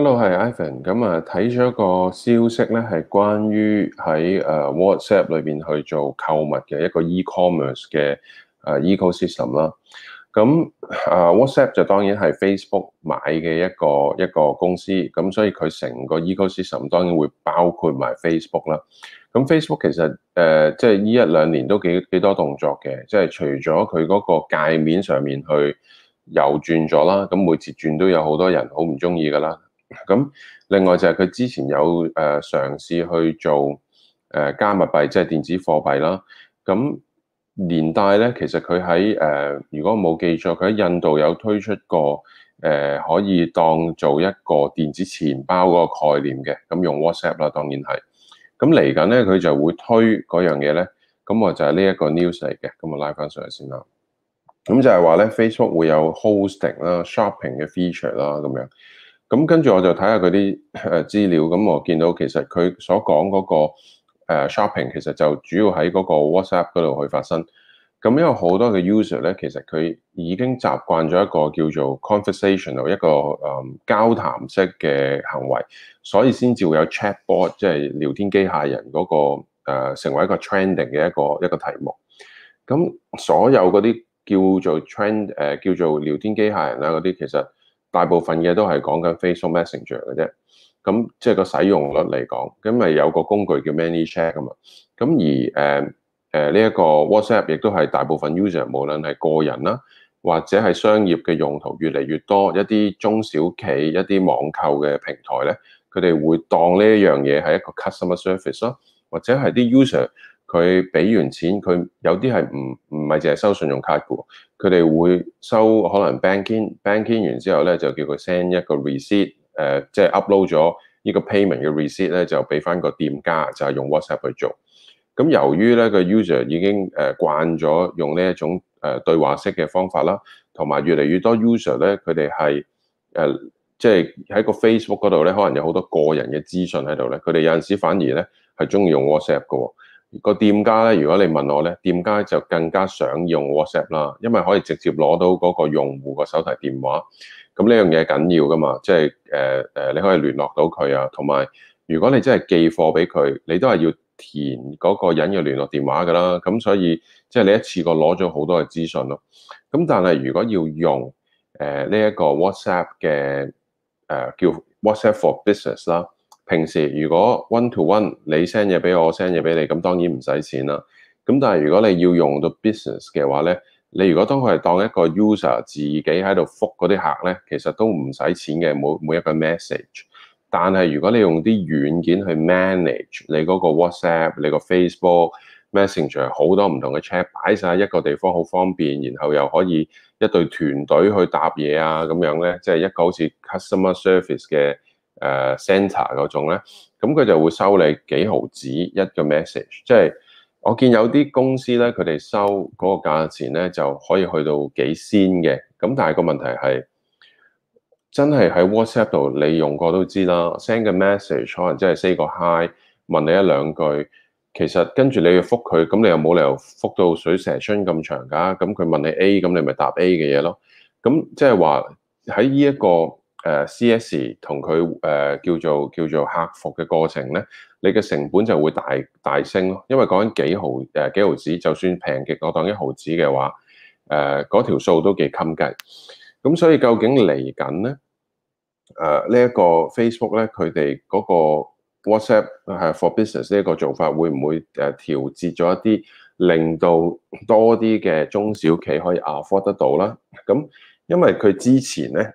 Hello，係 Ivan。咁啊，睇咗個消息咧，係關於喺誒 WhatsApp 裏邊去做購物嘅一個 e-commerce 嘅誒 ecosystem 啦。咁誒 WhatsApp 就當然係 Facebook 買嘅一個一個公司，咁所以佢成個 ecosystem 當然會包括埋 Facebook 啦。咁 Facebook 其實誒，即係呢一兩年都幾幾多動作嘅，即係除咗佢嗰個界面上面去右轉咗啦，咁每次轉都有好多人好唔中意噶啦。咁另外就係佢之前有誒嘗試去做誒加密幣，即係電子貨幣啦。咁年代咧，其實佢喺誒如果冇記錯，佢喺印度有推出過誒、呃，可以當做一個電子錢包個概念嘅，咁用 WhatsApp 啦，當然係。咁嚟緊咧，佢就會推嗰樣嘢咧。咁我就係呢一個 news 嚟嘅，咁我拉翻上嚟先啦。咁就係話咧，Facebook 會有 hosting 啦、shopping 嘅 feature 啦，咁樣。咁跟住我就睇下佢啲誒資料，咁我見到其實佢所講嗰個 shopping 其實就主要喺嗰個 WhatsApp 嗰度去發生。咁因為好多嘅 user 咧，其實佢已經習慣咗一個叫做 conversational 一個誒、嗯、交談式嘅行為，所以先至會有 chatbot 即係聊天機械人嗰、那個、呃、成為一個 trending 嘅一個一個題目。咁所有嗰啲叫做 trend、呃、叫做聊天機械人呀嗰啲，其實。大部分嘅都係講緊 Facebook Messenger 嘅啫，咁即係個使用率嚟講，咁咪有個工具叫 ManyChat 啊嘛，咁而誒誒呢一個 WhatsApp 亦都係大部分 user 無論係個人啦，或者係商業嘅用途越嚟越多，一啲中小企一啲網購嘅平台咧，佢哋會當呢一樣嘢係一個 customer service 咯，或者係啲 user。佢俾完錢，佢有啲係唔唔係淨係收信用卡嘅喎，佢哋會收可能 banking，banking 完之後咧就叫佢 send 一個 receipt，誒即係 upload 咗呢個 payment 嘅 receipt 咧就俾翻個店家，就係用 WhatsApp 去做。咁由於咧個 user 已經誒慣咗用呢一種誒、呃、對話式嘅方法啦，同埋越嚟越多 user 咧佢哋係誒即係喺個 Facebook 嗰度咧可能有好多個人嘅資訊喺度咧，佢哋有陣時反而咧係中意用 WhatsApp 嘅喎。個店家咧，如果你問我咧，店家就更加想用 WhatsApp 啦，因為可以直接攞到嗰個用戶個手提電話，咁呢樣嘢緊要噶嘛，即係誒誒，你可以聯絡到佢啊，同埋如果你真係寄貨俾佢，你都係要填嗰個人嘅聯絡電話噶啦，咁所以即係、就是、你一次過攞咗好多嘅資訊咯。咁但係如果要用誒呢一個 WhatsApp 嘅誒、呃、叫 WhatsApp for Business 啦。平時如果 one to one，你 send 嘢俾我，send 嘢俾你，咁當然唔使錢啦。咁但係如果你要用到 business 嘅話咧，你如果當佢係當一個 user 自己喺度復嗰啲客咧，其實都唔使錢嘅，每每一個 message。但係如果你用啲軟件去 manage 你嗰個 WhatsApp、你個 Facebook Messenger 好多唔同嘅 chat 擺曬一個地方，好方便，然後又可以一隊團隊去搭嘢啊咁樣咧，即係一個好似 customer service 嘅。誒 centre 嗰種咧，咁佢就會收你幾毫紙一個 message。即係我見有啲公司咧，佢哋收嗰個價錢咧就可以去到幾仙嘅。咁但係個問題係，真係喺 WhatsApp 度你用過都知啦，send 個 message 可能真係 say 個 hi 問你一兩句，其實跟住你要覆佢，咁你又冇理由覆到水蛇春咁長㗎。咁佢問你 A，咁你咪答 A 嘅嘢咯。咁即係話喺呢一個。誒 C.S. 同佢誒叫做叫做客服嘅過程咧，你嘅成本就會大大升咯。因為講緊幾毫誒幾毫子，就算平極，我當一毫子嘅話，誒、呃、嗰條數都幾襟計。咁所以究竟嚟緊咧？誒、呃這個、呢一個 Facebook 咧，佢哋嗰個 WhatsApp 係 for Business 呢一個做法，會唔會誒調節咗一啲，令到多啲嘅中小企可以 afford 得到啦？咁因為佢之前咧。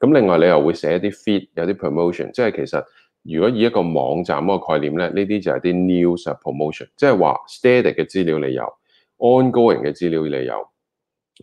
咁另外你又會寫啲 feed 有啲 promotion，即係其實如果以一個網站嗰個概念咧，呢啲就係啲 news promotion，即係話 static 嘅資料你有，ongoing 嘅資料你有，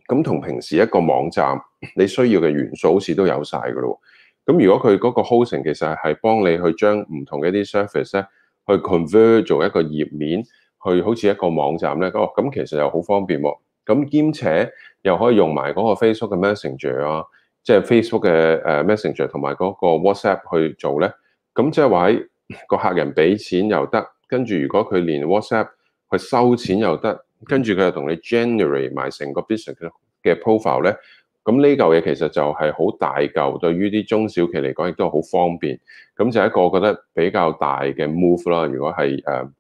咁同平時一個網站你需要嘅元素好似都有晒噶咯。咁如果佢嗰個 hosting 其實係幫你去將唔同一啲 service 咧去 convert 做一個頁面，去好似一個網站咧，咁咁其實又好方便喎、啊。咁兼且又可以用埋嗰個 Facebook 嘅 Messenger 啊。即係 Facebook 嘅誒 Messenger 同埋嗰個 WhatsApp 去做咧，咁即係話喺個客人俾錢又得，跟住如果佢連 WhatsApp 去收錢又得，跟住佢又同你 generate 埋成個 business 嘅 profile 咧，咁呢嚿嘢其實就係好大嚿，對於啲中小企嚟講亦都好方便，咁就係一個覺得比較大嘅 move 啦。如果係誒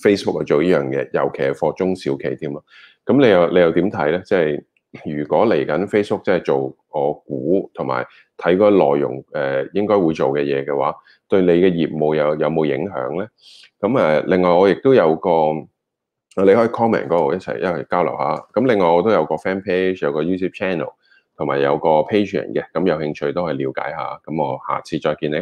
Facebook 去做呢樣嘢，尤其係 for 中小企添啊，咁你又你又點睇咧？即係。如果嚟緊 Facebook 即係做我估同埋睇嗰個內容，誒應該會做嘅嘢嘅話，對你嘅業務有有冇影響咧？咁誒，另外我亦都有個，你可以 comment 嗰度一齊一齊交流下。咁另外我都有個 fan page，有個 YouTube channel，同埋有個 Patreon 嘅。咁有興趣都係了解下。咁我下次再見你。